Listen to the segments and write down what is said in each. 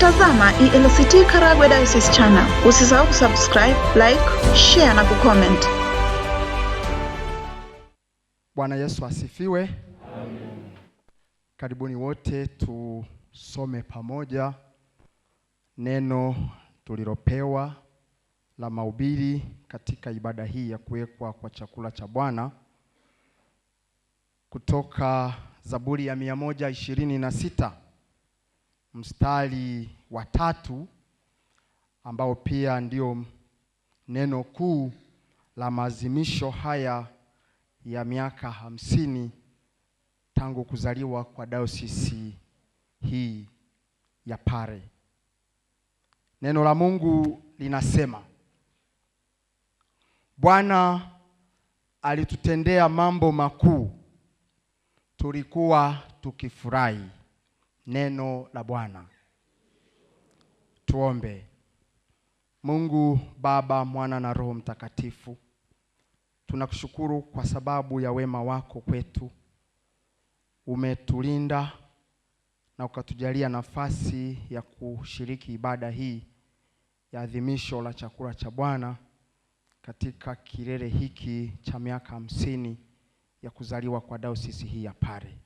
Unatazama ELCT Karagwe Diocese Channel. Usisahau kusubscribe, like, share na kucomment. Bwana Yesu asifiwe. Amen. Karibuni wote tusome pamoja neno tulilopewa la mahubiri katika ibada hii ya kuwekwa kwa chakula cha Bwana kutoka Zaburi ya mia moja ishirini na sita mstari wa tatu ambao pia ndio neno kuu la maazimisho haya ya miaka hamsini tangu kuzaliwa kwa dayosisi hii ya Pare. Neno la Mungu linasema, Bwana alitutendea mambo makuu, tulikuwa tukifurahi neno la Bwana. Tuombe. Mungu Baba, Mwana na Roho Mtakatifu, tunakushukuru kwa sababu ya wema wako kwetu. Umetulinda na ukatujalia nafasi ya kushiriki ibada hii ya adhimisho la chakula cha Bwana katika kilele hiki cha miaka hamsini ya kuzaliwa kwa dayosisi hii ya Pare.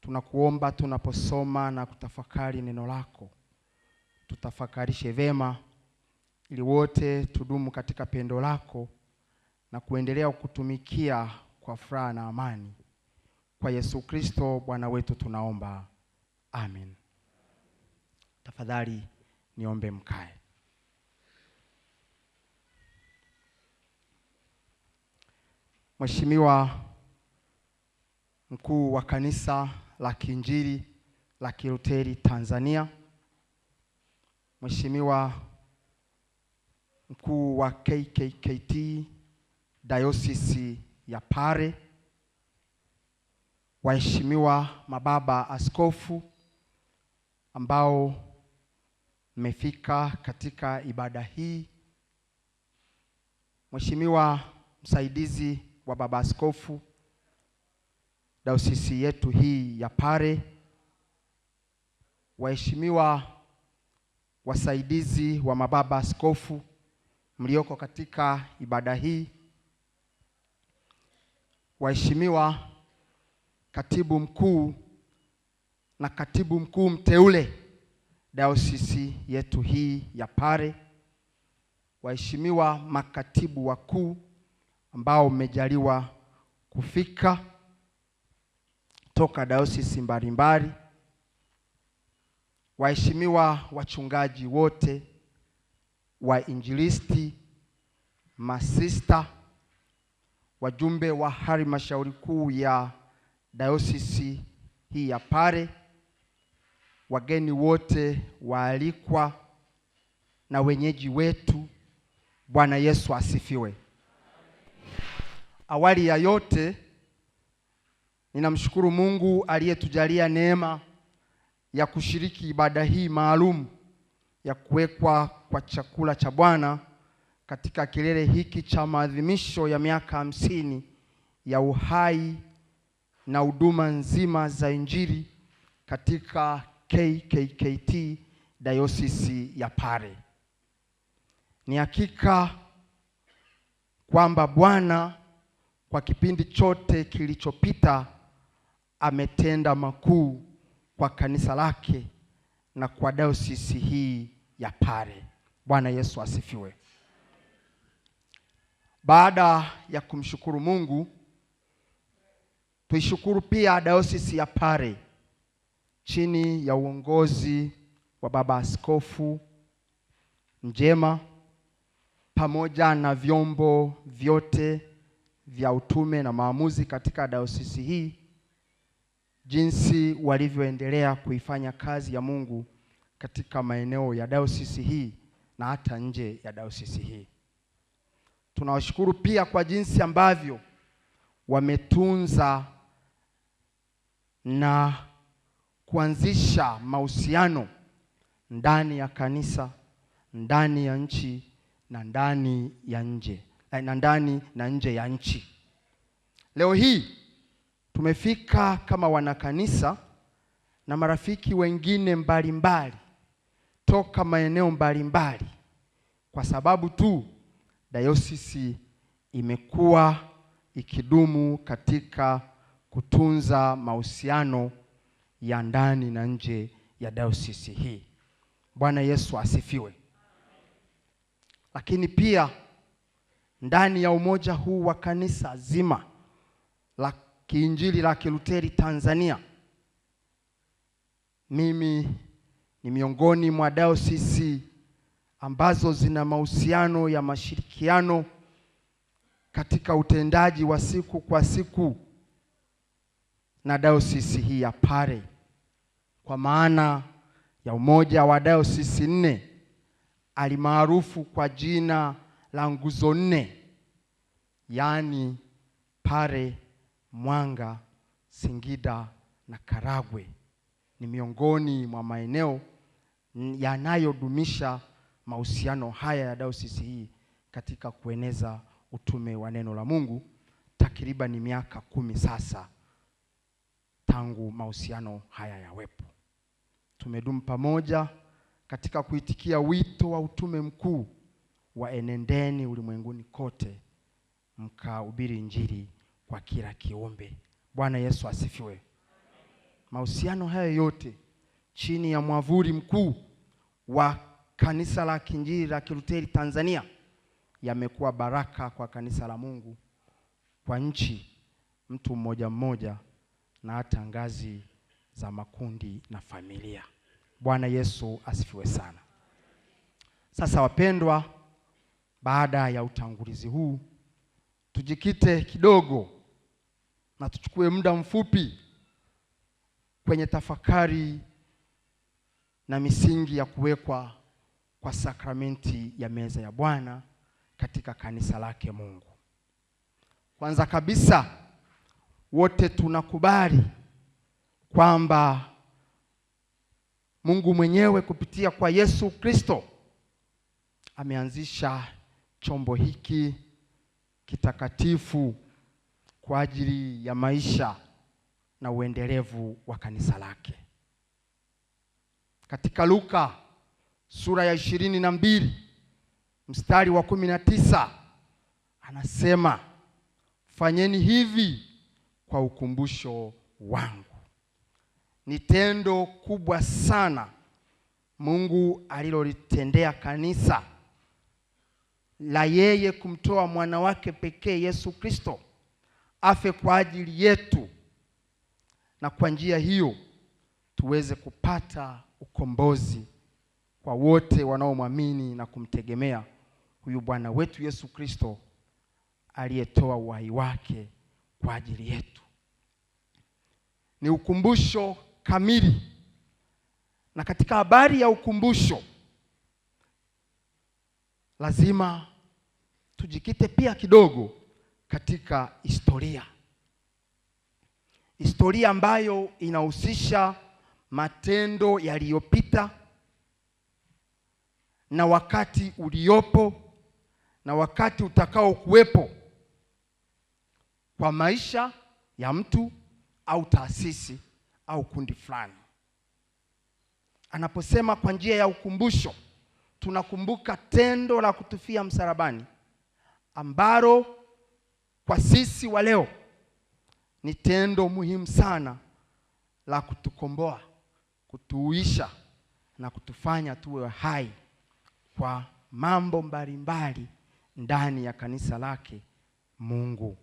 Tunakuomba tunaposoma na kutafakari neno lako, tutafakarishe vema, ili wote tudumu katika pendo lako na kuendelea kutumikia kwa furaha na amani. Kwa Yesu Kristo Bwana wetu tunaomba, amen. Tafadhali niombe mkae. Mheshimiwa Mkuu wa Kanisa la Kiinjili la Kiluteri Tanzania, Mheshimiwa mkuu wa KKKT Dayosisi ya Pare, waheshimiwa mababa askofu ambao mmefika katika ibada hii, Mheshimiwa msaidizi wa baba askofu Dayosisi yetu hii ya Pare, waheshimiwa wasaidizi wa mababa askofu mlioko katika ibada hii, waheshimiwa katibu mkuu na katibu mkuu mteule dayosisi yetu hii ya Pare, waheshimiwa makatibu wakuu ambao mmejaliwa kufika kutoka dayosisi mbalimbali, waheshimiwa wachungaji wote, wainjilisti, masista, wajumbe wa halmashauri kuu ya dayosisi hii ya Pare, wageni wote waalikwa na wenyeji wetu, Bwana Yesu asifiwe. Awali ya yote Ninamshukuru Mungu aliyetujalia neema ya kushiriki ibada hii maalum ya kuwekwa kwa chakula cha Bwana katika kilele hiki cha maadhimisho ya miaka hamsini ya uhai na huduma nzima za Injili katika KKKT Dayosisi ya Pare. Ni hakika kwamba Bwana kwa kipindi chote kilichopita ametenda makuu kwa kanisa lake na kwa dayosisi hii ya Pare. Bwana Yesu asifiwe. Baada ya kumshukuru Mungu, tuishukuru pia dayosisi ya Pare chini ya uongozi wa Baba Askofu Njema pamoja na vyombo vyote vya utume na maamuzi katika dayosisi hii jinsi walivyoendelea kuifanya kazi ya Mungu katika maeneo ya dayosisi hii na hata nje ya dayosisi hii. Tunawashukuru pia kwa jinsi ambavyo wametunza na kuanzisha mahusiano ndani ya kanisa, ndani ya nchi na ndani ya nje na ndani na nje ya nchi. Leo hii tumefika kama wanakanisa na marafiki wengine mbalimbali mbali, toka maeneo mbalimbali mbali, kwa sababu tu dayosisi imekuwa ikidumu katika kutunza mahusiano ya ndani na nje ya dayosisi hii. Bwana Yesu asifiwe. Lakini pia ndani ya umoja huu wa kanisa zima la Kiinjili la Kiluteri Tanzania. Mimi ni miongoni mwa dayosisi ambazo zina mahusiano ya mashirikiano katika utendaji wa siku kwa siku na dayosisi hii ya Pare kwa maana ya umoja wa dayosisi nne alimaarufu kwa jina la nguzo nne, yaani Pare Mwanga, Singida na Karagwe ni miongoni mwa maeneo yanayodumisha mahusiano haya ya dayosisi hii katika kueneza utume wa neno la Mungu takriban miaka kumi sasa tangu mahusiano haya yawepo. Tumedumu pamoja katika kuitikia wito wa utume mkuu wa enendeni ulimwenguni kote mkahubiri Injili kwa kila kiumbe. Bwana Yesu asifiwe. Mahusiano haya yote chini ya mwavuli mkuu wa Kanisa la Kiinjili la Kilutheri Tanzania yamekuwa baraka kwa kanisa la Mungu, kwa nchi, mtu mmoja mmoja, na hata ngazi za makundi na familia. Bwana Yesu asifiwe sana. Sasa wapendwa, baada ya utangulizi huu, tujikite kidogo na tuchukue muda mfupi kwenye tafakari na misingi ya kuwekwa kwa sakramenti ya meza ya Bwana katika kanisa lake Mungu. Kwanza kabisa, wote tunakubali kwamba Mungu mwenyewe kupitia kwa Yesu Kristo ameanzisha chombo hiki kitakatifu kwa ajili ya maisha na uendelevu wa kanisa lake. Katika Luka sura ya ishirini na mbili mstari wa kumi na tisa anasema fanyeni hivi kwa ukumbusho wangu. Ni tendo kubwa sana Mungu alilolitendea kanisa la yeye kumtoa mwana wake pekee Yesu Kristo afe kwa ajili yetu, na kwa njia hiyo tuweze kupata ukombozi kwa wote wanaomwamini na kumtegemea huyu Bwana wetu Yesu Kristo aliyetoa uhai wake kwa ajili yetu. Ni ukumbusho kamili, na katika habari ya ukumbusho lazima tujikite pia kidogo katika historia, historia ambayo inahusisha matendo yaliyopita na wakati uliopo na wakati utakao kuwepo kwa maisha ya mtu au taasisi au kundi fulani. Anaposema kwa njia ya ukumbusho, tunakumbuka tendo la kutufia msalabani ambalo kwa sisi wa leo ni tendo muhimu sana la kutukomboa, kutuisha na kutufanya tuwe hai kwa mambo mbalimbali ndani ya kanisa lake Mungu.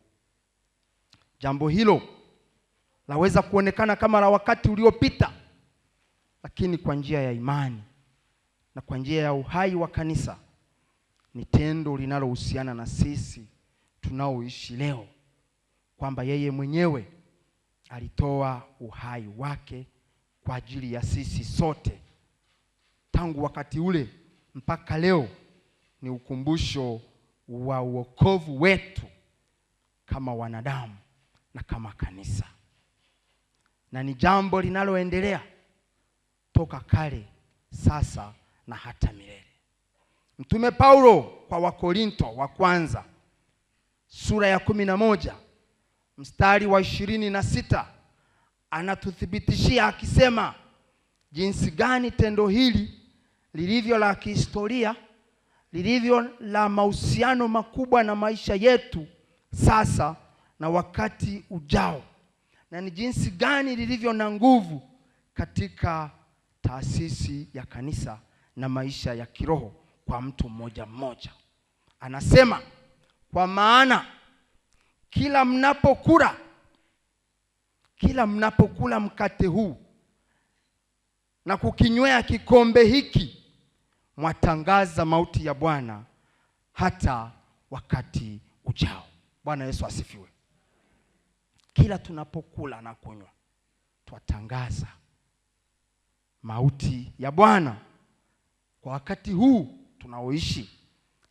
Jambo hilo laweza kuonekana kama la wakati uliopita, lakini kwa njia ya imani na kwa njia ya uhai wa kanisa ni tendo linalohusiana na sisi tunaoishi leo, kwamba yeye mwenyewe alitoa uhai wake kwa ajili ya sisi sote. Tangu wakati ule mpaka leo ni ukumbusho wa uokovu wetu kama wanadamu na kama kanisa, na ni jambo linaloendelea toka kale, sasa na hata milele. Mtume Paulo kwa Wakorinto wa kwanza sura ya kumi na moja mstari wa ishirini na sita anatuthibitishia akisema jinsi gani tendo hili lilivyo la kihistoria, lilivyo la mahusiano makubwa na maisha yetu sasa na wakati ujao, na ni jinsi gani lilivyo na nguvu katika taasisi ya kanisa na maisha ya kiroho kwa mtu mmoja mmoja. Anasema kwa maana kila mnapokula, kila mnapokula mkate huu na kukinywea kikombe hiki, mwatangaza mauti ya Bwana hata wakati ujao. Bwana Yesu asifiwe. Kila tunapokula na kunywa, twatangaza mauti ya Bwana kwa wakati huu tunaoishi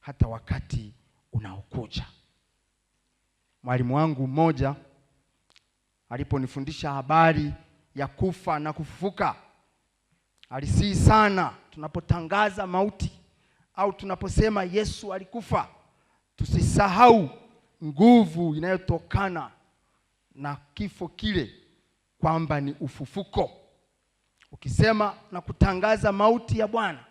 hata wakati unaokuja. Mwalimu wangu mmoja aliponifundisha habari ya kufa na kufufuka, alisihi sana tunapotangaza mauti au tunaposema Yesu alikufa, tusisahau nguvu inayotokana na kifo kile, kwamba ni ufufuko. Ukisema na kutangaza mauti ya Bwana,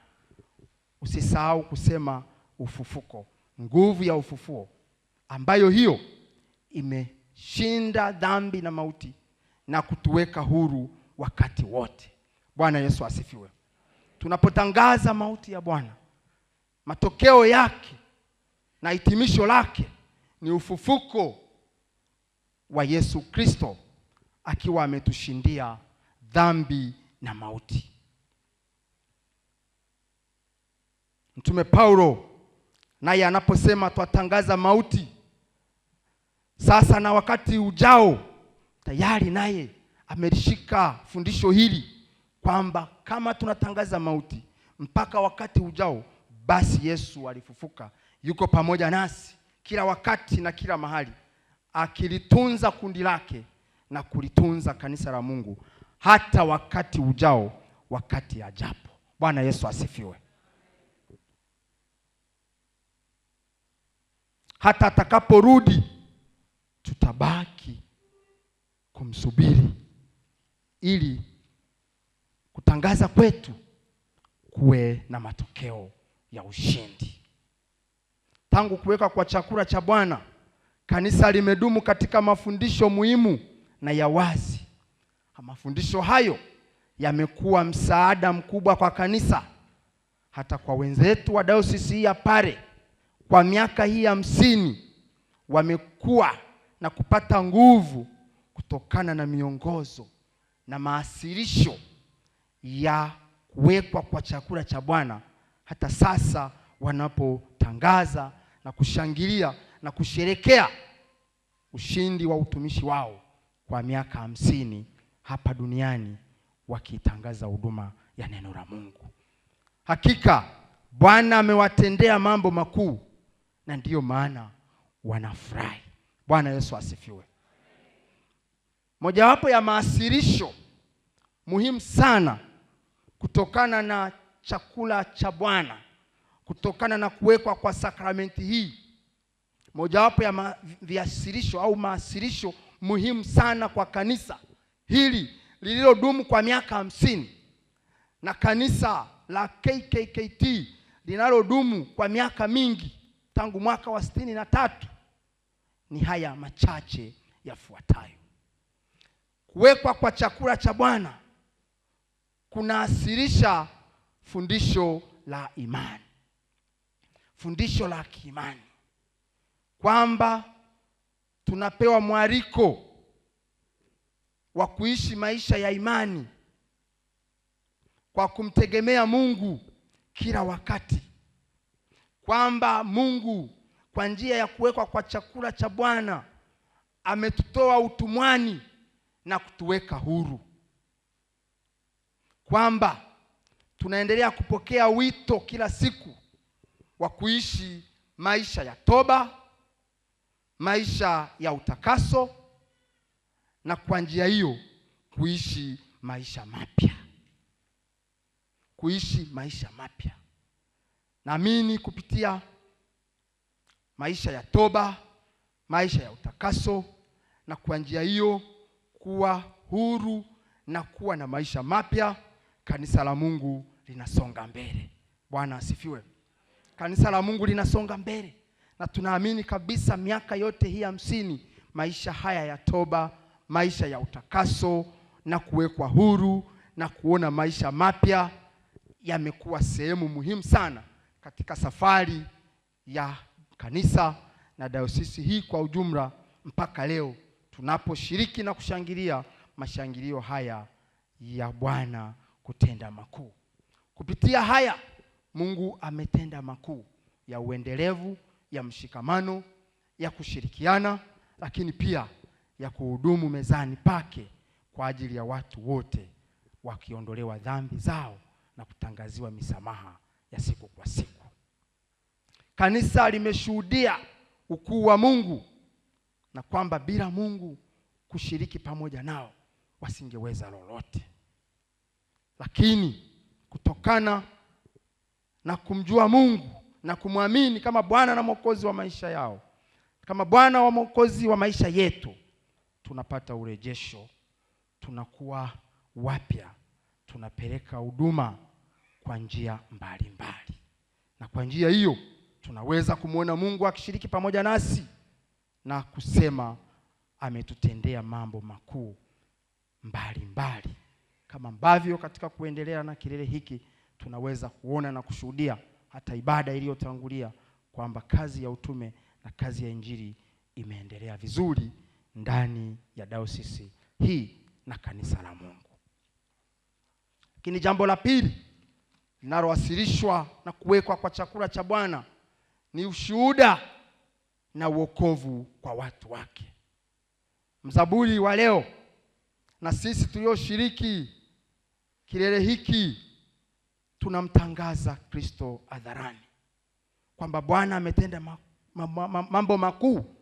usisahau kusema ufufuko nguvu ya ufufuo ambayo hiyo imeshinda dhambi na mauti na kutuweka huru wakati wote. Bwana Yesu asifiwe. Tunapotangaza mauti ya Bwana, matokeo yake na hitimisho lake ni ufufuko wa Yesu Kristo akiwa ametushindia dhambi na mauti. Mtume Paulo naye anaposema twatangaza mauti sasa na wakati ujao, tayari naye amelishika fundisho hili kwamba kama tunatangaza mauti mpaka wakati ujao, basi Yesu alifufuka, yuko pamoja nasi kila wakati na kila mahali, akilitunza kundi lake na kulitunza kanisa la Mungu hata wakati ujao, wakati ajapo. Bwana Yesu asifiwe. hata atakaporudi tutabaki kumsubiri ili kutangaza kwetu kuwe na matokeo ya ushindi. Tangu kuweka kwa chakula cha Bwana, kanisa limedumu katika mafundisho muhimu na ya wazi. Mafundisho hayo yamekuwa msaada mkubwa kwa kanisa, hata kwa wenzetu wa dayosisi ya Pare kwa miaka hii hamsini wamekuwa na kupata nguvu kutokana na miongozo na maasirisho ya kuwekwa kwa chakula cha Bwana, hata sasa wanapotangaza na kushangilia na kusherekea ushindi wa utumishi wao kwa miaka hamsini hapa duniani wakitangaza huduma ya neno la Mungu. Hakika Bwana amewatendea mambo makuu na ndiyo maana wanafurahi. Bwana Yesu asifiwe. Mojawapo ya maasirisho muhimu sana kutokana na chakula cha Bwana, kutokana na kuwekwa kwa sakramenti hii, mojawapo ya viasirisho au maasirisho muhimu sana kwa kanisa hili lililodumu kwa miaka hamsini na kanisa la KKKT linalodumu kwa miaka mingi tangu mwaka wa sitini na tatu ni haya machache yafuatayo: kuwekwa kwa chakula cha Bwana kunaasirisha fundisho la imani, fundisho la kiimani kwamba tunapewa mwaliko wa kuishi maisha ya imani kwa kumtegemea Mungu kila wakati kwamba Mungu kwa njia ya kuwekwa kwa chakula cha Bwana ametutoa utumwani na kutuweka huru, kwamba tunaendelea kupokea wito kila siku wa kuishi maisha ya toba, maisha ya utakaso, na kwa njia hiyo kuishi maisha mapya, kuishi maisha mapya. Naamini kupitia maisha ya toba, maisha ya utakaso, na kwa njia hiyo kuwa huru na kuwa na maisha mapya, kanisa la Mungu linasonga mbele. Bwana asifiwe. Kanisa la Mungu linasonga mbele, na tunaamini kabisa miaka yote hii hamsini, maisha haya ya toba, maisha ya utakaso na kuwekwa huru na kuona maisha mapya yamekuwa sehemu muhimu sana katika safari ya kanisa na dayosisi hii kwa ujumla mpaka leo tunaposhiriki na kushangilia mashangilio haya ya Bwana kutenda makuu. Kupitia haya Mungu ametenda makuu ya uendelevu, ya mshikamano, ya kushirikiana, lakini pia ya kuhudumu mezani pake kwa ajili ya watu wote wakiondolewa dhambi zao na kutangaziwa misamaha ya siku kwa siku. Kanisa limeshuhudia ukuu wa Mungu na kwamba bila Mungu kushiriki pamoja nao wasingeweza lolote, lakini kutokana na kumjua Mungu na kumwamini kama Bwana na Mwokozi wa maisha yao, kama Bwana wa Mwokozi wa maisha yetu, tunapata urejesho, tunakuwa wapya, tunapeleka huduma kwa njia mbalimbali, na kwa njia hiyo tunaweza kumwona Mungu akishiriki pamoja nasi na kusema ametutendea mambo makuu mbalimbali, kama ambavyo katika kuendelea na kilele hiki tunaweza kuona na kushuhudia hata ibada iliyotangulia kwamba kazi ya utume na kazi ya injili imeendelea vizuri ndani ya dayosisi hii na kanisa la Mungu. Lakini jambo la pili linalowasilishwa na kuwekwa kwa chakula cha Bwana ni ushuhuda na uokovu kwa watu wake. Mzaburi wa leo na sisi tulioshiriki kilele hiki tunamtangaza Kristo hadharani kwamba Bwana ametenda ma, ma, ma, mambo makuu.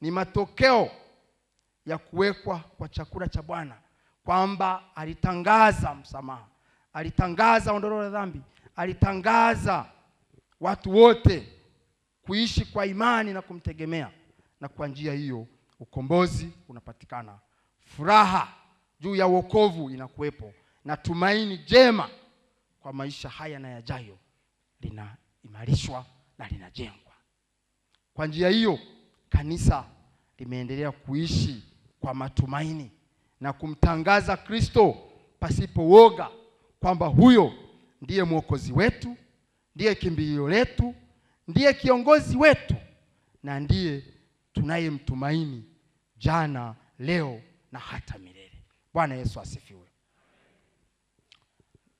Ni matokeo ya kuwekwa kwa chakula cha Bwana, kwamba alitangaza msamaha, alitangaza ondoleo la dhambi, alitangaza watu wote kuishi kwa imani na kumtegemea, na kwa njia hiyo ukombozi unapatikana, furaha juu ya wokovu inakuwepo, na tumaini jema kwa maisha haya na yajayo linaimarishwa na linajengwa. Kwa njia hiyo kanisa limeendelea kuishi kwa matumaini na kumtangaza Kristo pasipo woga kwamba huyo ndiye mwokozi wetu, ndiye kimbilio letu ndiye kiongozi wetu na ndiye tunayemtumaini jana, leo na hata milele. Bwana Yesu asifiwe.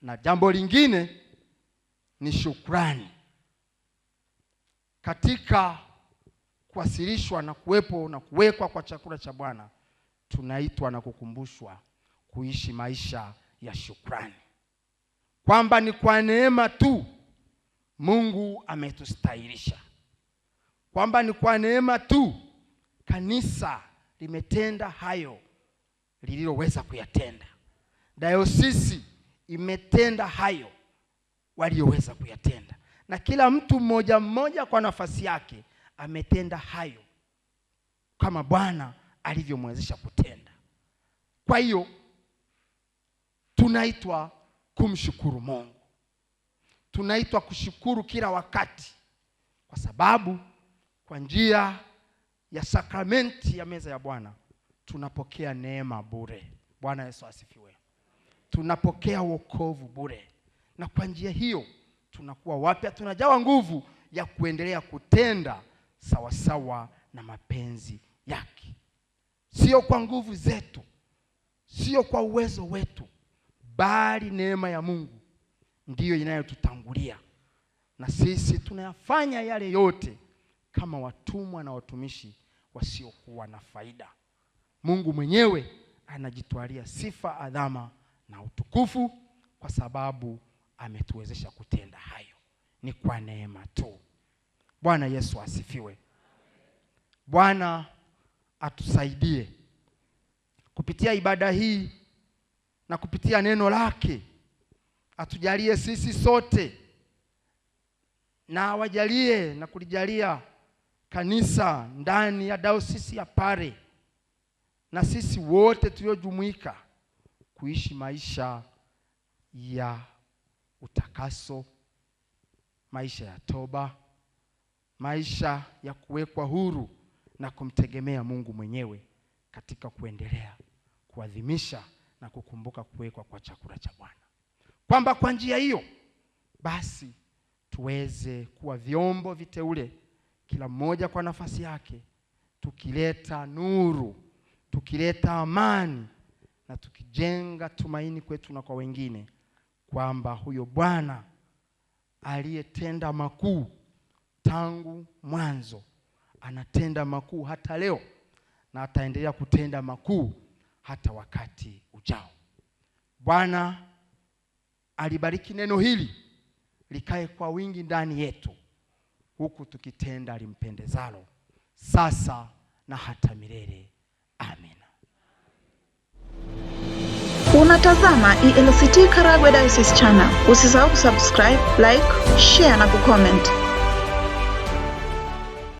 Na jambo lingine ni shukrani katika kuwasilishwa na kuwepo na kuwekwa kwa chakula cha Bwana, tunaitwa na kukumbushwa kuishi maisha ya shukrani, kwamba ni kwa neema tu Mungu ametustahilisha, kwamba ni kwa neema tu kanisa limetenda hayo lililoweza kuyatenda, dayosisi imetenda hayo walioweza kuyatenda, na kila mtu mmoja mmoja kwa nafasi yake ametenda hayo kama Bwana alivyomwezesha kutenda. Kwa hiyo tunaitwa kumshukuru Mungu tunaitwa kushukuru kila wakati, kwa sababu kwa njia ya sakramenti ya meza ya Bwana tunapokea neema bure. Bwana Yesu asifiwe. Tunapokea wokovu bure, na kwa njia hiyo tunakuwa wapya, tunajawa nguvu ya kuendelea kutenda sawasawa na mapenzi yake, sio kwa nguvu zetu, sio kwa uwezo wetu, bali neema ya Mungu ndiyo inayotutangulia, na sisi tunayafanya yale yote kama watumwa na watumishi wasiokuwa na faida. Mungu mwenyewe anajitwalia sifa, adhama na utukufu kwa sababu ametuwezesha kutenda hayo, ni kwa neema tu. Bwana Yesu asifiwe. Bwana atusaidie kupitia ibada hii na kupitia neno lake atujalie sisi sote na awajalie na kulijalia kanisa ndani ya daosisi ya Pare na sisi wote tuliojumuika kuishi maisha ya utakaso, maisha ya toba, maisha ya kuwekwa huru na kumtegemea Mungu mwenyewe katika kuendelea kuadhimisha na kukumbuka kuwekwa kwa chakula cha Bwana kwamba kwa njia hiyo basi tuweze kuwa vyombo viteule, kila mmoja kwa nafasi yake, tukileta nuru, tukileta amani na tukijenga tumaini kwetu na kwa wengine kwamba huyo Bwana aliyetenda makuu tangu mwanzo anatenda makuu hata leo na ataendelea kutenda makuu hata wakati ujao. Bwana alibariki neno hili likae kwa wingi ndani yetu, huku tukitenda limpendezalo sasa na hata milele. Amina. Unatazama ELCT Karagwe Diocese Channel. Usisahau kusubscribe, like, share na kucomment.